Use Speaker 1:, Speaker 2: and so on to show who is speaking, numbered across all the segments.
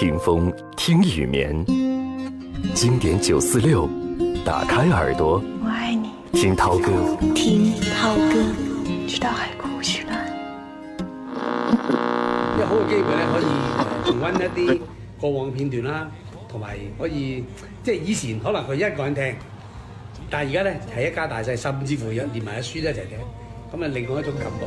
Speaker 1: 聽風，聽雨眠。經典九四六，打開耳朵，
Speaker 2: 我愛你。
Speaker 1: 聽濤歌，
Speaker 2: 聽濤歌，直到海枯石爛。
Speaker 3: 有、這個、好嘅機會咧，可以重溫一啲過往片段啦，同埋可以即係以前可能佢一個人聽，但係而家咧係一家大細，甚至乎有連埋阿叔咧一齊聽，咁啊另外一種感覺。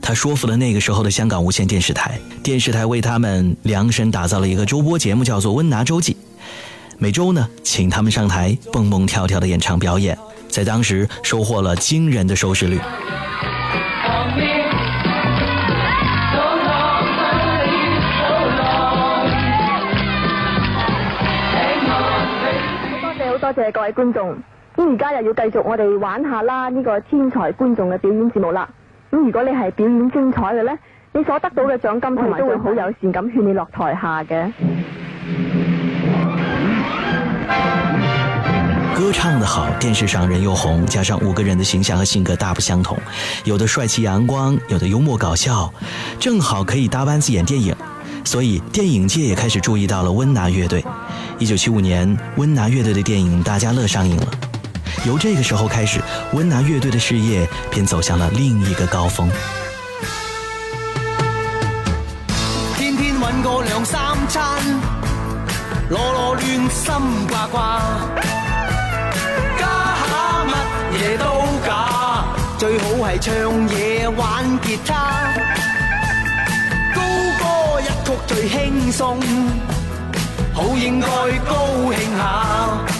Speaker 2: 他說服了那個時候的香港無線電視台，電視台為他們量身打造了一個周播節目，叫做《溫拿周記》，每周呢請他們上台蹦蹦跳跳的演唱表演，在當時收穫了驚人的收視率。
Speaker 4: 多謝，好
Speaker 2: 多謝各位觀
Speaker 5: 眾，咁而家又要繼續我哋玩下啦，呢個天才觀眾嘅表演節目啦。如果你係表演精彩嘅呢，你所得到嘅獎金同埋都會好友善咁勸你落台下嘅。
Speaker 2: 歌唱得好，電視上人又紅，加上五個人嘅形象和性格大不相同，有的帥氣陽光，有的幽默搞笑，正好可以搭班子演電影，所以電影界也開始注意到了温拿樂隊。一九七五年，温拿樂隊嘅電影《大家樂》上映了。由這個時候開始，温拿樂隊的事業便走向了另一個高峰。
Speaker 5: 天天揾個兩三餐，囉囉攣心掛掛，家下乜嘢都假，最好係唱嘢玩吉他，高歌一曲最輕鬆，好應該高興下。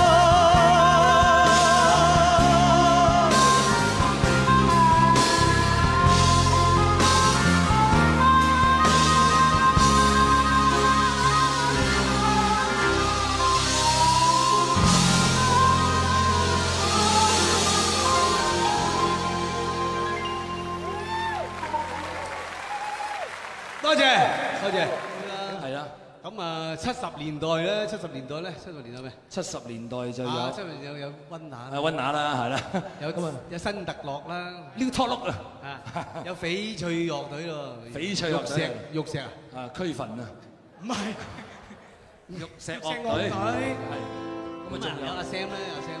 Speaker 4: 多謝，係
Speaker 3: 啦。咁啊，七十年代咧，七十年代咧，七十年
Speaker 1: 代咩？七十年代就有，七十年有有溫拿，係溫拿啦，係啦。有
Speaker 3: 有新特樂啦，New Topnotes 啊，啊，有翡翠樂隊喎，翡翠玉石玉石啊，啊，俱焚啊，唔係玉石樂隊，係咁啊，仲有阿 Sam 咧，
Speaker 2: 阿 Sam。